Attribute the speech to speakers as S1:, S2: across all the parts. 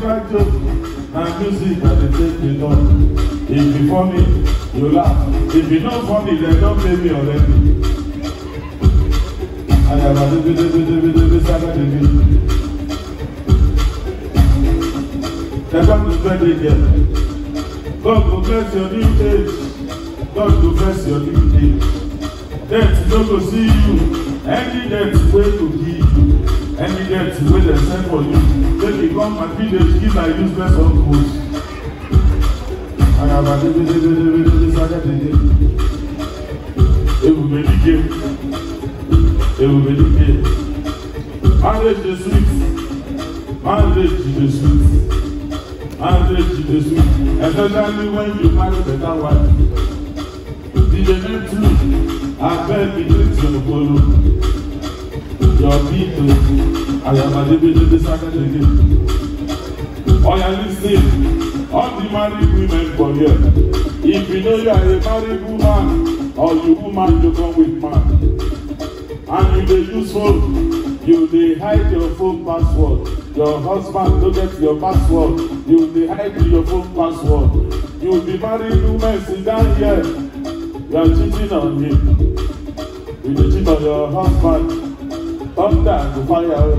S1: cry to and music that they take me down. If you funny, you laugh. If you not funny, dem don't pay me a I already. Ayaba debe debe debe debe saga debe. Dem don do birthday girl. God go bless your new age. God go bless your new age. Death no to see you. Any death wey to give you any debt wey dem send for you make e come my village give my useless old goods ayaba dededededede sadedede ebube dike ebube dike marriage dey sweet marriage dey sweet marriage dey sweet especially when you marry better wife dj neptune abeg begin to follow your people I am Adebedebe Sakadege oya lis ten all the married women for here if you know you are a married woman or you woman you come with man and you dey use phone you dey hide your phone password your husband no get your password you dey hide your phone password you be married woman sit here you are cheating on me. you dey cheat on your husband thunder go fire o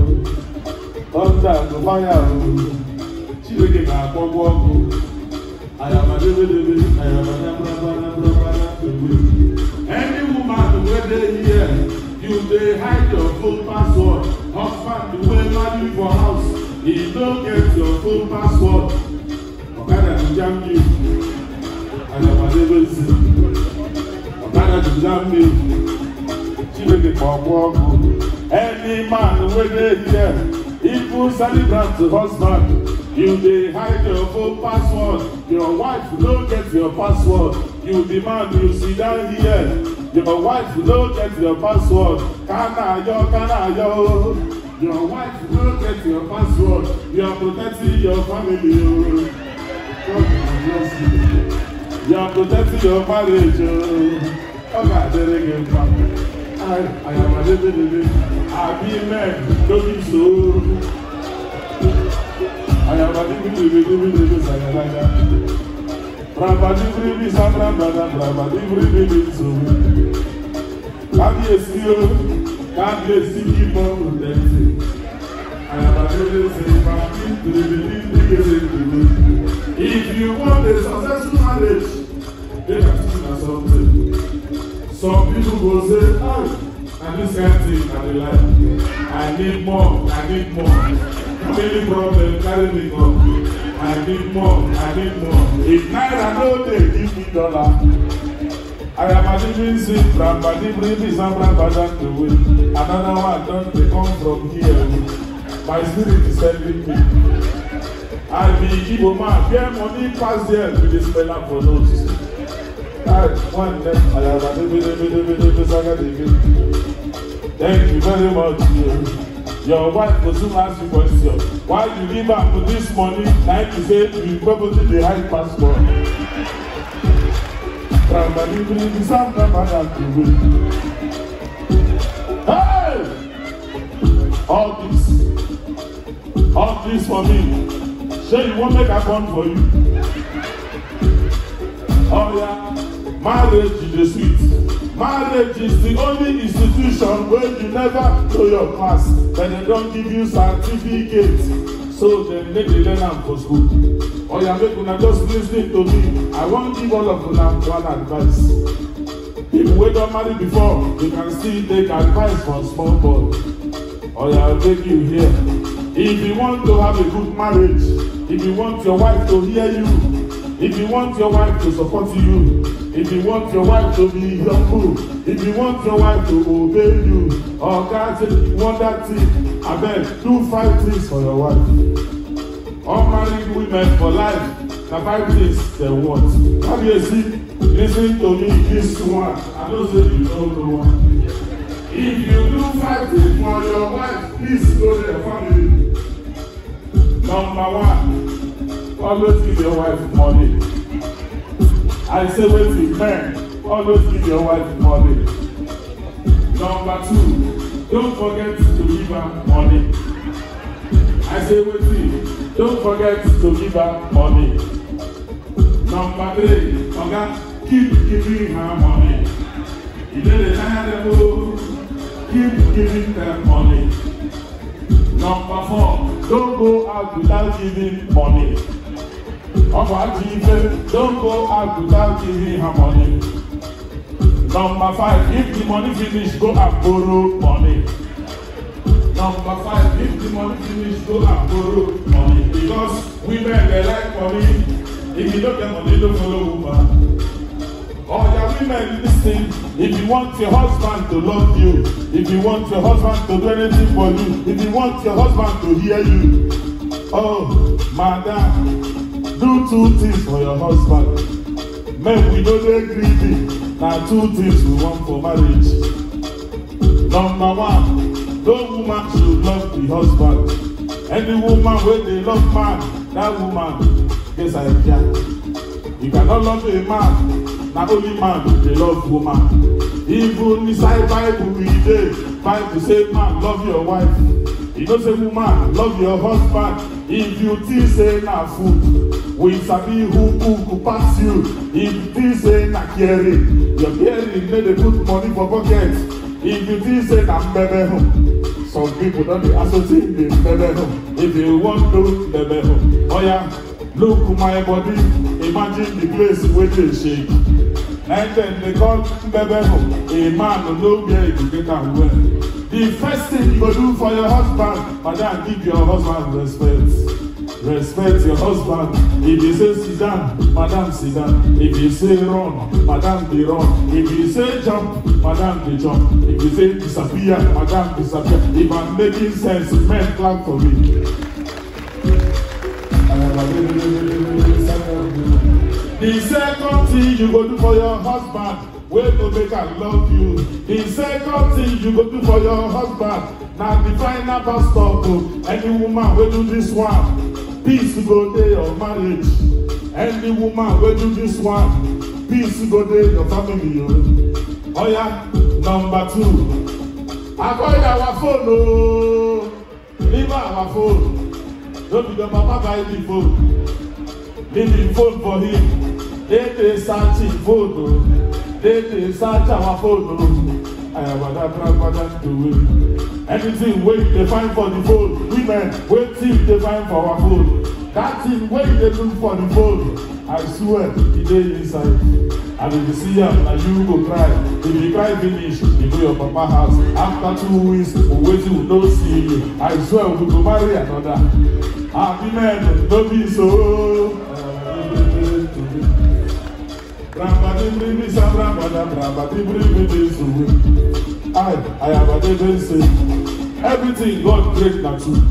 S1: thunder go fire o Chineke ga-akpọgbu ọkụ ayamadebedebe ayamadabarabarabara egbe any woman wey dey here you dey hide your phone password husband wey marry for house he no get your phone password ọ̀kadà go jam you ayamadebezi ọ̀kadà go jam you chibere kpọgbọ ọgụ any man wey dey here even celebrant husband you dey hide your phone password your wife no get your password you be man you sit down here your wife no get your password kana yọ kana yọ o your wife no get your password you are protecting your family o oh. God bless you you are protecting your marriage o God, ga-adịrị gị I am a little bit. I be man, don't be so. I am a little bit, little bit, little bit, Rabadibri Sandra Brother, Rabadibri Bitsu. Can you see? Can you see people who dance? I am a little bit, If you want a successful marriage, you can teach us something. Some people go say, this kind of thing, I dey like. I need more, I need more. Family problem carry me go. I need more, I need more. If naira no dey give me dollar. I am a living sick, grandma, the breeze, and grandma, that's the way. Another one don't they come from here. My spirit is helping me. I be Igbo man, fear money pass there with this fella for nose thank you very much your wife was soon ask you question why you give up for this money na you say you probably dey hide passport hey all this all this for me Say you won't make a come for you Oh, yeah marriage be the sweet marriage is the only institution wey you never show your class but dem don give you certificate so dem make dey learn am for school oya make una just lis ten to me i wan give all of una one advice people wey don marry before you can still take advice from small boy oya make you hear if you want to have a good marriage if you want your wife to hear you if you want your wife to support you If you want your wife to be your fool, if you want your wife to obey you, or can't you want that thing, abeg do five things for your wife. Unmarried women for life, na five things they want. Have you seen? Listen to me this one, I know say you don't know one. If you do five things for your wife, please go your family. Number one, always give your wife money. I say wetin men always give your wife money. Number two, don't forget to give her money. I say wetin don't forget to give her money. Number three, oga okay, keep giving her money. You Ìdílé náírà dem o, keep giving them money. Number four, don't go out without giving money ọkọ̀ àti ife dóńgó àgùdá kiri àmọ́ni. Number five, if the money finish, go and borrow money. Number five, if the money finish, go and borrow money. Because women dey like money. If you no get money, no follow woman. All your women lis ten if you want your husband to love you if you want your husband to do anything for you if you want your husband to hear you oh madam do two things for your husband make we don't dey greedy na two things we want for marriage number one no woman should love the husband any woman wey dey love man that woman dey saibia you cannot love a man na only man dey love woman even inside bible we dey bible say man love your wife you know say woman love your husband if you think say na food we sabi who cook pass you if you think say na caring your caring no dey put money for pocket if you think say na mbebe home some people don dey associate with mbebe home if you wan do mbebe home oya look my body imagine the place wey dey shake and then they call Bebebo, a man of no grave to get and The first thing you go do for your husband, but madam, give your husband respect. Respect your husband. If you say sit down, madam sit down. If you say run, madam be run. If you say jump, madam be jump. If you say disappear, madam disappear. If I'm making sense, men clap for me. a little The second thing you go do for your husband wey go make am love you. The second thing you go do for your husband now the final bus stop Any woman wey do this one, peace go day your marriage. Any woman wey do this one, peace go day your family Oya oh, yeah. number two, akọ́yà our phone o, leave our phone, Don't be the papa buy the phone, leave the phone for him. Dede sati fodo Dede sati àwọn fodo Ayabada grandfather to win. Anything wey dey find for the fold, women wetin dey find for our fold. That thing wey dey look for the fold, I swear e dey inside. And if you see am, na you go cry. If you cry finish, you go your papa house. After two weeks, wetin we no see you, I swear we go marry another. Happy men no be so. I I a devil say. Everything God great na true.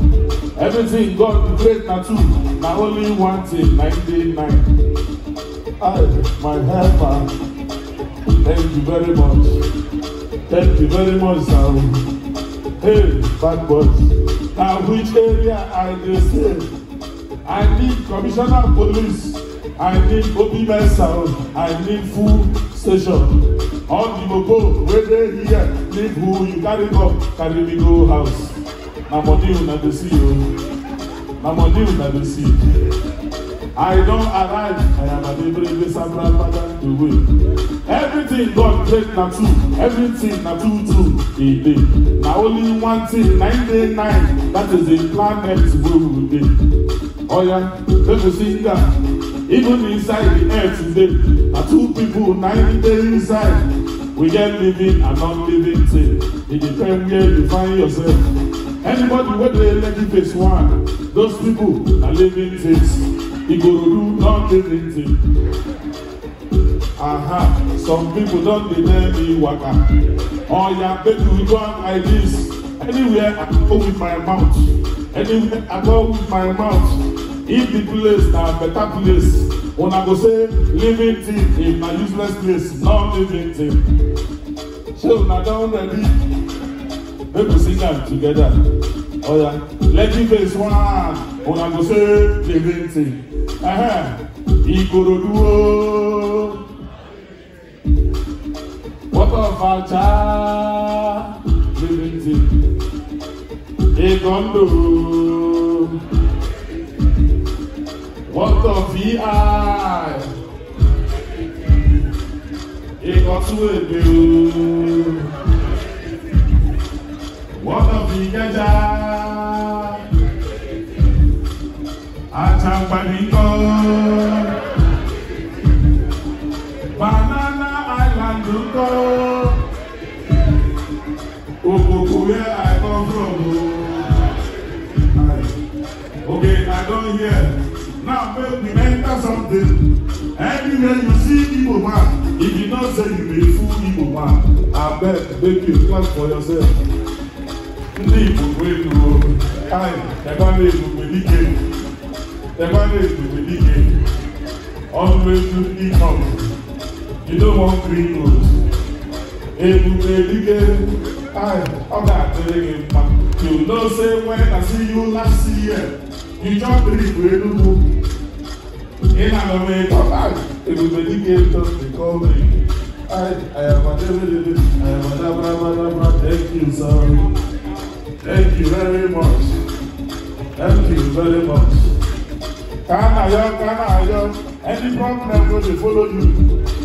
S1: Everything God great na true. Na only one thing ninety nine. I my helper. Thank you very much. Thank you very much, sir. Hey, bad boys. Na which area I dey stay? I need commissioner of police. I need Obi sound. I need full station. On the mobile, where they here, leave who you carry come, carry me go house. Na money una dey see o, oh. na money una dey see. I don arrive, I am Adebrele Sabra Pada Ewe. Everything God take na two, everything na two two e dey. Na only one thing, nine day nine, that is the planet wey we dey. Oya, make we sing am. Even inside the earth today, na two people na im dey inside. We get living and non-living thing. It depend where you find yourself. Anybody wey dey leggy face one, those people na living things. E go do non-living thing. Aha, uh -huh. some people don dey tell me waka. Oya oh, make we do am like this. Anywhere I go with my mouth. Anywhere I go with my mouth if the place na better place una go say living thing if na useless place non living thing So una don ready make we sing am together oh, yeah. lekki face one una go say living thing ikorodu o water of aja living thing ikondo o. What the VI? It got to a do. What the Vigaja? I can't believe here you see Igbo man. If you not say you be full Igbo man, I beg, make you clap for yourself. Ndị Igbo wee kwuo, "Ai, ebe a na-ebube dike, ebe a na-ebube dike, ọnụ etu ndị kọm, you no wan green road, ebube dike, ai, ọ ga-adịrị gị mma, you know say when I see you last year, you chop drink wee nugwu, ị na-anọ m ịkọ bag." Everybody gave us the calling. I, I am a devil, I am a dabra, dabra, thank you, sir. Thank you very much. Thank you very much. Can I help, can I help? Any problem will they follow you.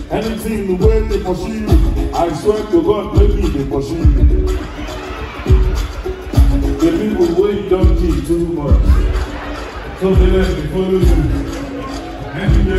S1: Anything the way they pursue you, I swear to God, maybe they pursue you. The people wait don't give too much. So they let me follow you.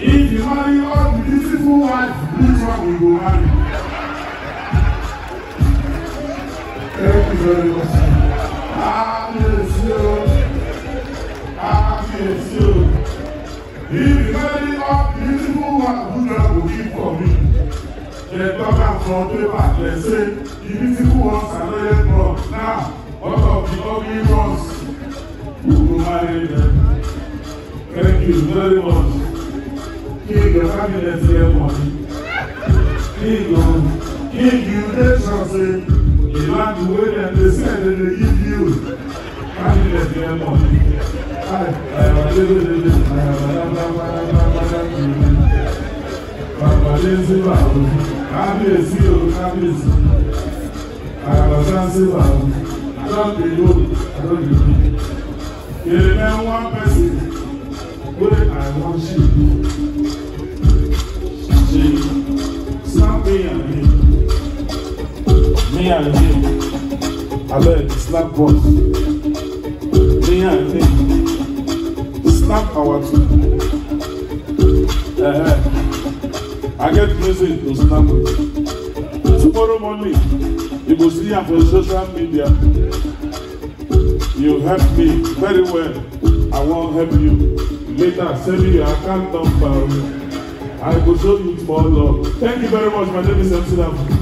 S1: If you marry all the beautiful wives, this one will go marry. Thank you very much. I miss you. I miss you. If you marry all the beautiful wives, who God will keep for me? The daughter from paper, they say, the beautiful ones are very broad. Now, what of the ugly ones? Who will marry them? Thank you very much give your family fair money. Give your, give you nations in the land where them they send and they give you family fair money. I, I have a little, I have a number, I have a number, Bàbá lé sí bàbá, kábíyèsí o kábíyèsí, àgbàdá sí bàbá, àdókè yóò àdókè yóò. Èèmẹ̀ one person. What I want you to slap me and him. Me and him. I beg, slap both. Me and him. Slap our two. Uh I get music to snap Tomorrow morning, you go see am for social media. You help me very well. I won't help you. Later, send me your account number. I go show you more love. Thank you very much. My name is Amsterdam.